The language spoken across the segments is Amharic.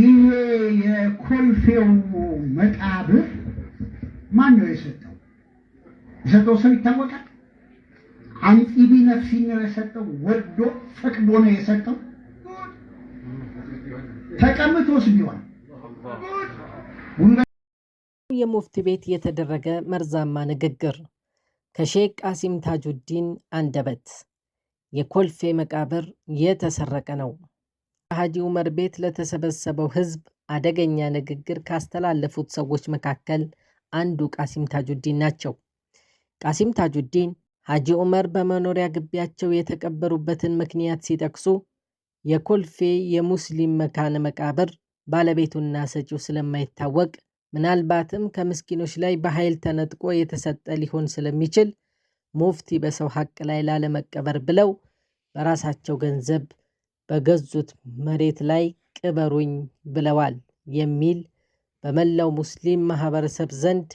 ይህ የኮልፌው መቃብር ማን ነው የሰጠው? የሰጠው ሰው ይታወቃል። አንጢቢ ነፍሲ ነው የሰጠው። ወዶ ፈቅዶ ነው የሰጠው። ተቀምጦስ ቢሆን የሙፍቲ ቤት የተደረገ መርዛማ ንግግር ከሼክ ቃሲም ታጁዲን አንደበት የኮልፌ መቃብር የተሰረቀ ነው። ሀጂ ዑመር ቤት ለተሰበሰበው ህዝብ አደገኛ ንግግር ካስተላለፉት ሰዎች መካከል አንዱ ቃሲም ታጁዲን ናቸው። ቃሲም ታጁዲን ሀጂ ዑመር በመኖሪያ ግቢያቸው የተቀበሩበትን ምክንያት ሲጠቅሱ የኮልፌ የሙስሊም መካነ መቃብር ባለቤቱና ሰጪው ስለማይታወቅ ምናልባትም ከምስኪኖች ላይ በኃይል ተነጥቆ የተሰጠ ሊሆን ስለሚችል ሙፍቲ በሰው ሐቅ ላይ ላለመቀበር ብለው በራሳቸው ገንዘብ በገዙት መሬት ላይ ቅበሩኝ ብለዋል የሚል በመላው ሙስሊም ማህበረሰብ ዘንድ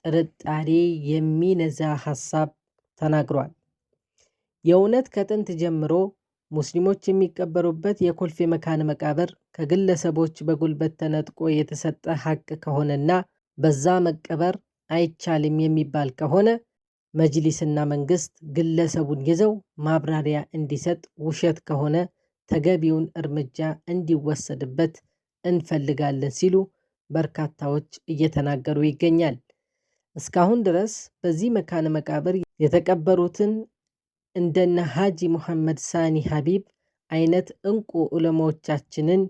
ጥርጣሬ የሚነዛ ሐሳብ ተናግሯል። የእውነት ከጥንት ጀምሮ ሙስሊሞች የሚቀበሩበት የኮልፌ መካነ መቃብር ከግለሰቦች በጉልበት ተነጥቆ የተሰጠ ሐቅ ከሆነና በዛ መቀበር አይቻልም የሚባል ከሆነ መጅሊስና መንግስት ግለሰቡን ይዘው ማብራሪያ እንዲሰጥ፣ ውሸት ከሆነ ተገቢውን እርምጃ እንዲወሰድበት እንፈልጋለን ሲሉ በርካታዎች እየተናገሩ ይገኛል። እስካሁን ድረስ በዚህ መካነ መቃብር የተቀበሩትን እንደነ ሀጂ ሙሐመድ ሳኒ ሀቢብ አይነት እንቁ ዑለማዎቻችንን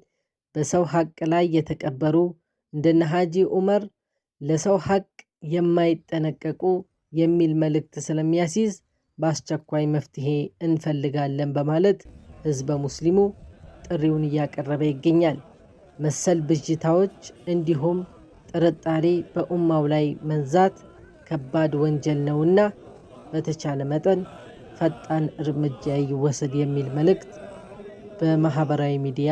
በሰው ሀቅ ላይ የተቀበሩ እንደነ ሀጂ ኡመር ለሰው ሀቅ የማይጠነቀቁ የሚል መልእክት ስለሚያስይዝ በአስቸኳይ መፍትሄ እንፈልጋለን በማለት ህዝበ ሙስሊሙ ጥሪውን እያቀረበ ይገኛል። መሰል ብዥታዎች እንዲሁም ጥርጣሬ በኡማው ላይ መንዛት ከባድ ወንጀል ነውና በተቻለ መጠን ፈጣን እርምጃ ይወሰድ የሚል መልእክት በማህበራዊ ሚዲያ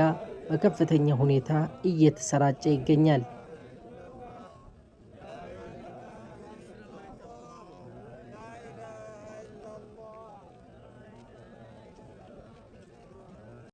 በከፍተኛ ሁኔታ እየተሰራጨ ይገኛል።